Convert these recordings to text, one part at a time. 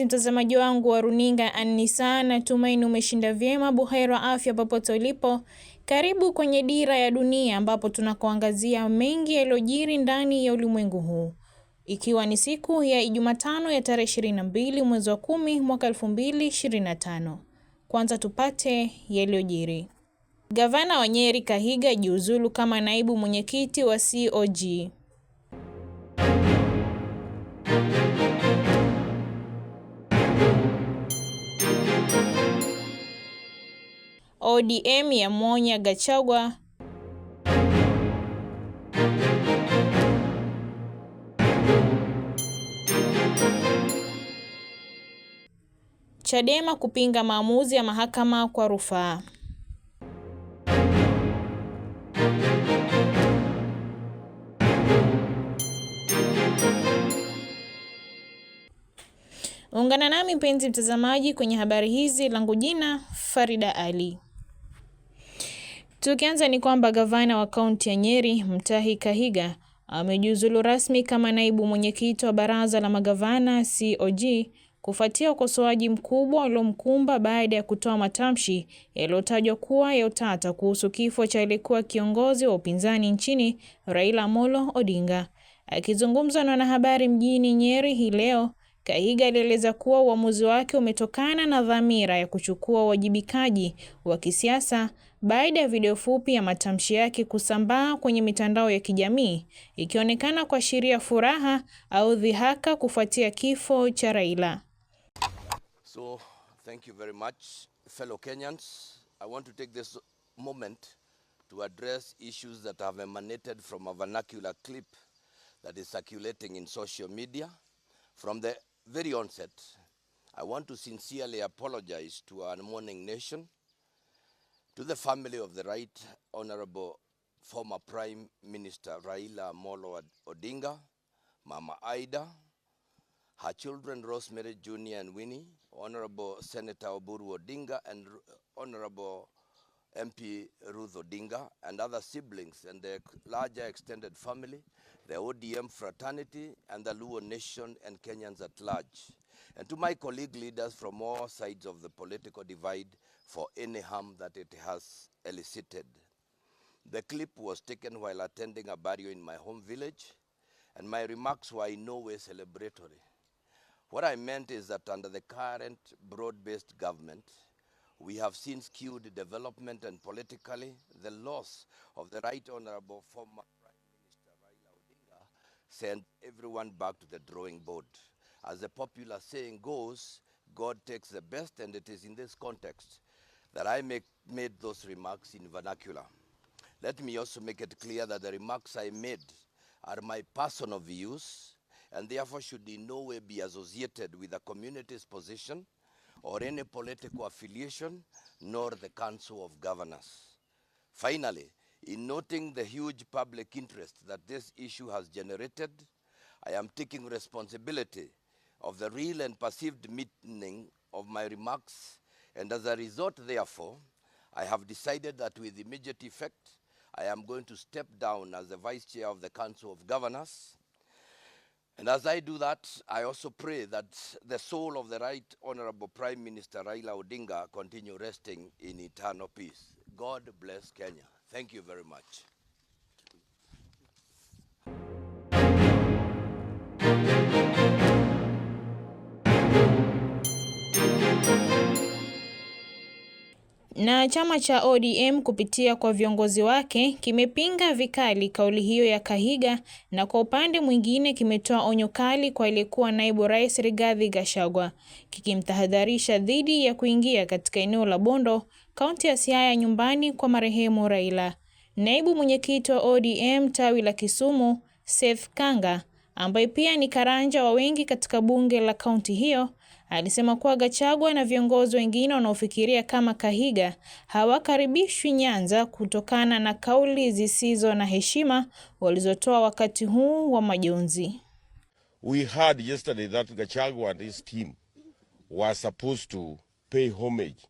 mpenzi mtazamaji wangu wa runinga Anisa, natumaini umeshinda vyema buheri wa afya popote ulipo. Karibu kwenye Dira ya Dunia ambapo tunakuangazia mengi yaliyojiri ndani ya ulimwengu huu, ikiwa ni siku ya Ijumatano ya tarehe 22 mwezi wa 10 mwaka 2025. Kwanza tupate yaliyojiri. Gavana wa Nyeri Kahiga jiuzulu kama naibu mwenyekiti wa COG. ODM mwonya Gachagua Chadema kupinga maamuzi ya mahakama kwa rufaa. Ungana nami mpenzi mtazamaji kwenye habari hizi, langu jina Farida Ali. Tukianza ni kwamba gavana wa kaunti ya Nyeri mtahi Kahiga amejiuzulu rasmi kama naibu mwenyekiti wa baraza la magavana COG kufuatia ukosoaji mkubwa uliomkumba baada ya kutoa matamshi yaliyotajwa kuwa ya utata kuhusu kifo cha aliyekuwa kiongozi wa upinzani nchini Raila Amolo Odinga. Akizungumza na wanahabari mjini Nyeri hii leo, Kaiga alieleza kuwa uamuzi wake umetokana na dhamira ya kuchukua uwajibikaji wa kisiasa baada ya video fupi ya matamshi yake kusambaa kwenye mitandao ya kijamii ikionekana kuashiria furaha au dhihaka kufuatia kifo cha Raila. So, thank you very much fellow Kenyans. I want to take this moment to address issues that have emanated from a vernacular clip that is circulating in social media from the very onset, I want to sincerely apologize to our mourning nation, to the family of the Right Honorable former Prime Minister Raila Molo Odinga, Mama Ida, her children Rosemary Jr. and Winnie, Honorable Senator Oburu Odinga, and Honorable MP Ruth Odinga and other siblings and their larger extended family, the ODM fraternity and the Luo nation and Kenyans at large, and to my colleague leaders from all sides of the political divide for any harm that it has elicited. The clip was taken while attending a barrio in my home village, and my remarks were in no way celebratory. What I meant is that under the current broad-based government, we have seen skewed development and politically the loss of the Right Honorable former Prime Minister Raila Odinga sent everyone back to the drawing board. As the popular saying goes, God takes the best, and it is in this context that I make, made those remarks in vernacular. Let me also make it clear that the remarks I made are my personal views and therefore should in no way be associated with the community's position or any political affiliation, nor the Council of Governors. Finally, in noting the huge public interest that this issue has generated, I am taking responsibility of the real and perceived meaning of my remarks, and as a result, therefore, I have decided that with immediate effect, I am going to step down as the Vice Chair of the Council of Governors and as I do that, I also pray that the soul of the right honorable Prime Minister Raila Odinga continue resting in eternal peace. God bless Kenya. Thank you very much. na chama cha ODM kupitia kwa viongozi wake kimepinga vikali kauli hiyo ya Kahiga na kwa upande mwingine kimetoa onyo kali kwa aliyekuwa naibu rais Rigathi Gachagua kikimtahadharisha dhidi ya kuingia katika eneo la Bondo, kaunti ya Siaya, nyumbani kwa marehemu Raila. Naibu mwenyekiti wa ODM tawi la Kisumu, Seth Kanga, ambaye pia ni karanja wa wengi katika bunge la kaunti hiyo Alisema kuwa Gachagua na viongozi wengine wanaofikiria kama Kahiga hawakaribishwi Nyanza kutokana na kauli zisizo na heshima walizotoa wakati huu wa majonzi. We heard yesterday that Gachagua and his team were supposed to pay homage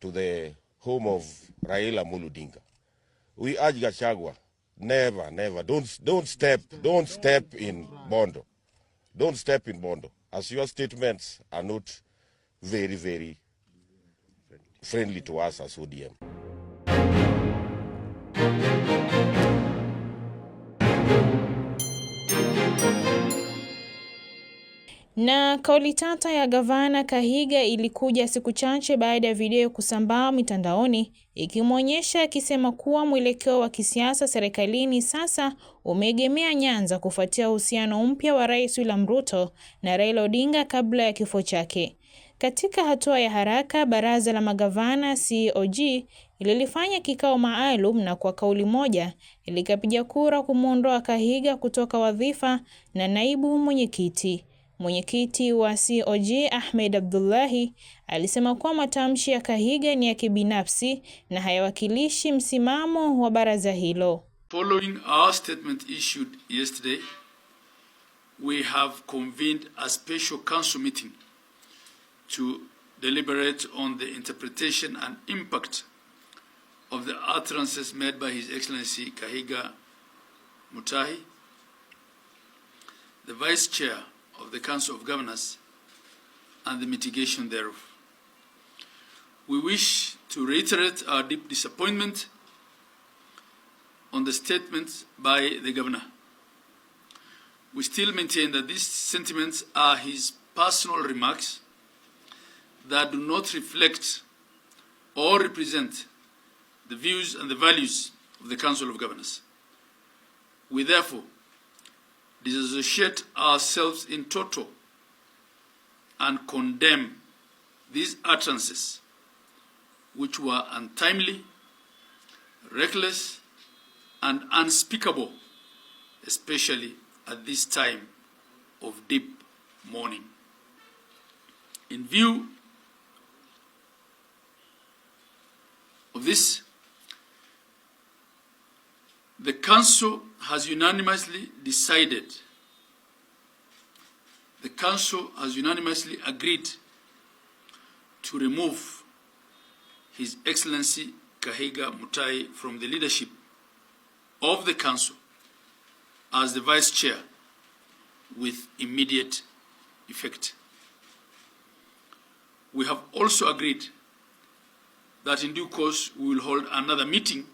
to the home of Raila Muludinga. We urge Gachagua, never, never, don't, don't step, don't step in Bondo. Don't step in Bondo, as your statements are not very, very friendly to us as ODM. Na kauli tata ya gavana Kahiga ilikuja siku chache baada ya video kusambaa mitandaoni ikimwonyesha akisema kuwa mwelekeo wa kisiasa serikalini sasa umeegemea Nyanza kufuatia uhusiano mpya wa Rais William Ruto na Raila Odinga kabla ya kifo chake. Katika hatua ya haraka, baraza la magavana COG lilifanya kikao maalum na kwa kauli moja likapiga kura kumwondoa Kahiga kutoka wadhifa na naibu mwenyekiti. Mwenyekiti wa COG Ahmed Abdullahi alisema kuwa matamshi ya Kahiga ni ya kibinafsi na hayawakilishi msimamo wa baraza hilo. Following our statement issued yesterday, we have convened a special council meeting to deliberate on the interpretation and impact of the utterances made by His Excellency Kahiga Mutahi, the Vice Chair of the Council of Governors and the mitigation thereof. We wish to reiterate our deep disappointment on the statement by the Governor. We still maintain that these sentiments are his personal remarks that do not reflect or represent the views and the values of the Council of Governors. We therefore disassociate ourselves in total and condemn these utterances, which were untimely, reckless, and unspeakable, especially at this time of deep mourning. In view of this The Council has unanimously decided, the Council has unanimously agreed to remove His Excellency Kahiga Mutai from the leadership of the Council as the Vice Chair with immediate effect. We have also agreed that in due course we will hold another meeting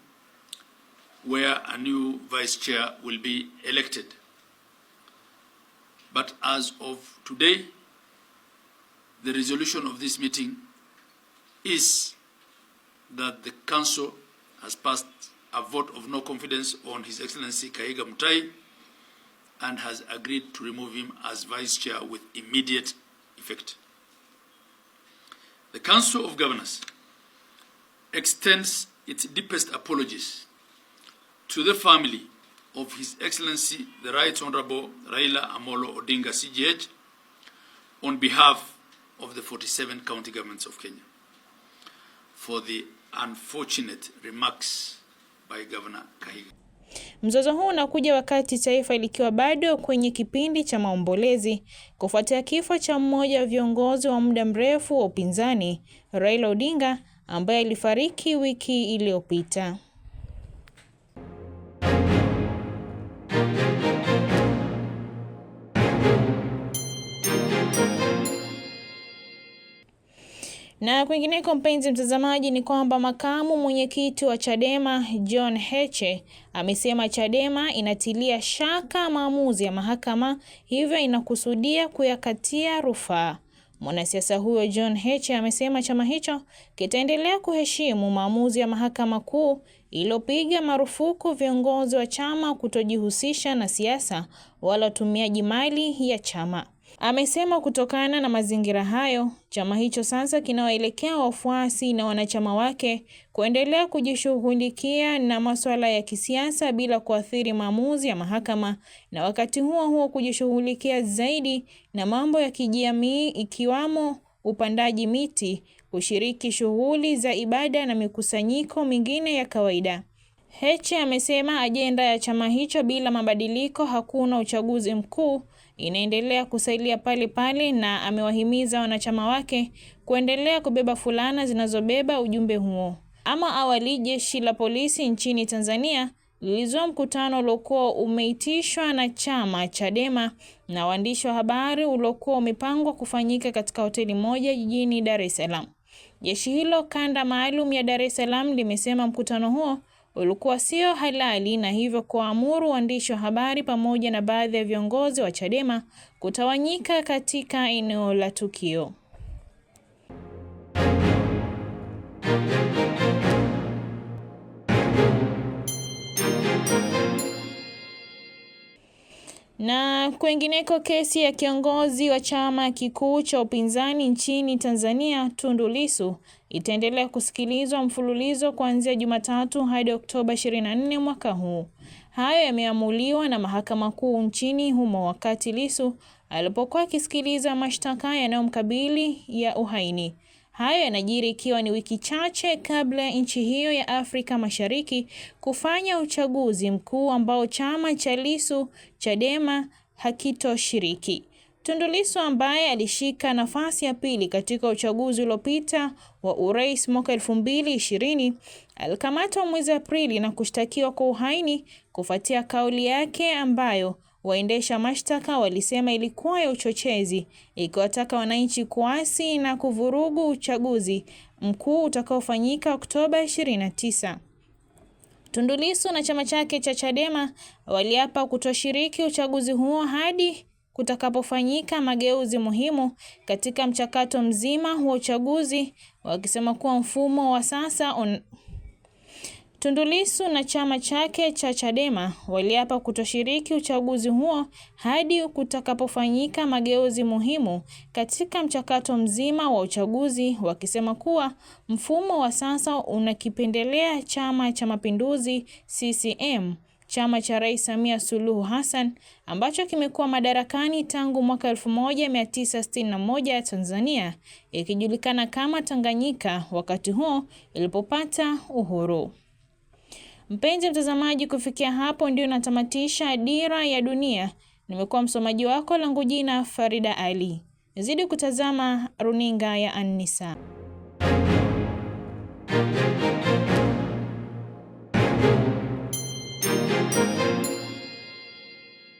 where a new vice chair will be elected. But as of today, the resolution of this meeting is that the council has passed a vote of no confidence on His Excellency Kaiga Mutai and has agreed to remove him as vice chair with immediate effect. The Council of Governors extends its deepest apologies to the family of His Excellency the Right Honorable Raila Amolo Odinga CGH on behalf of the 47 county governments of Kenya for the unfortunate remarks by Governor Kahiga. Mzozo huu unakuja wakati taifa likiwa bado kwenye kipindi cha maombolezi kufuatia kifo cha mmoja wa viongozi wa muda mrefu wa upinzani Raila Odinga ambaye alifariki wiki iliyopita. Na kwingineko, mpenzi mtazamaji, ni kwamba makamu mwenyekiti wa Chadema John Heche amesema Chadema inatilia shaka maamuzi ya mahakama, hivyo inakusudia kuyakatia rufaa. Mwanasiasa huyo John Heche amesema chama hicho kitaendelea kuheshimu maamuzi ya mahakama kuu iliyopiga marufuku viongozi wa chama kutojihusisha na siasa wala utumiaji mali ya chama. Amesema kutokana na mazingira hayo, chama hicho sasa kinawaelekea wafuasi na wanachama wake kuendelea kujishughulikia na masuala ya kisiasa bila kuathiri maamuzi ya mahakama, na wakati huo huo kujishughulikia zaidi na mambo ya kijamii ikiwamo upandaji miti, kushiriki shughuli za ibada na mikusanyiko mingine ya kawaida. Heche amesema ajenda ya chama hicho bila mabadiliko hakuna uchaguzi mkuu inaendelea kusailia pale pale na amewahimiza wanachama wake kuendelea kubeba fulana zinazobeba ujumbe huo. Ama awali jeshi la polisi nchini Tanzania lilizua mkutano uliokuwa umeitishwa na chama Chadema na waandishi wa habari uliokuwa umepangwa kufanyika katika hoteli moja jijini Dar es Salaam. Jeshi hilo kanda maalum ya Dar es Salaam limesema mkutano huo ulikuwa sio halali na hivyo kuamuru waandishi wa habari pamoja na baadhi ya viongozi wa Chadema kutawanyika katika eneo la tukio. Na kwingineko, kesi ya kiongozi wa chama kikuu cha upinzani nchini Tanzania Tundu Lissu itaendelea kusikilizwa mfululizo kuanzia Jumatatu hadi Oktoba 24 mwaka huu. Hayo yameamuliwa na Mahakama Kuu nchini humo wakati Lissu alipokuwa akisikiliza mashtaka yanayomkabili ya uhaini. Hayo yanajiri ikiwa ni wiki chache kabla ya nchi hiyo ya Afrika Mashariki kufanya uchaguzi mkuu ambao chama cha Lissu Chadema hakitoshiriki. Tundu Lissu ambaye alishika nafasi ya pili katika uchaguzi uliopita wa urais mwaka 2020 alikamatwa mwezi Aprili na kushtakiwa kwa uhaini kufuatia kauli yake ambayo waendesha mashtaka walisema ilikuwa ya uchochezi, ikiwataka wananchi kuasi na kuvurugu uchaguzi mkuu utakaofanyika Oktoba 29. Tundu Lissu na chama chake cha Chadema waliapa kutoshiriki uchaguzi huo hadi kutakapofanyika mageuzi muhimu katika mchakato mzima wa uchaguzi, wakisema kuwa mfumo wa sasa un... Tundu Lissu na chama chake cha Chadema waliapa kutoshiriki uchaguzi huo hadi kutakapofanyika mageuzi muhimu katika mchakato mzima wa uchaguzi, wakisema kuwa mfumo wa sasa unakipendelea Chama cha Mapinduzi CCM Chama cha Rais Samia Suluhu Hassan ambacho kimekuwa madarakani tangu mwaka 1961 Tanzania ikijulikana kama Tanganyika wakati huo ilipopata uhuru. Mpenzi mtazamaji, kufikia hapo ndio natamatisha Dira ya Dunia. Nimekuwa msomaji wako, langu jina Farida Ali. Zidi kutazama runinga ya an